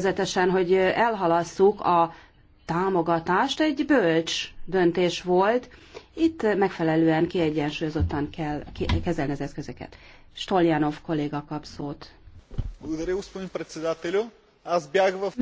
következetesen, hogy elhalasszuk a támogatást, egy bölcs döntés volt. Itt megfelelően kiegyensúlyozottan kell kezelni az eszközöket. Stoljanov kolléga kap szót.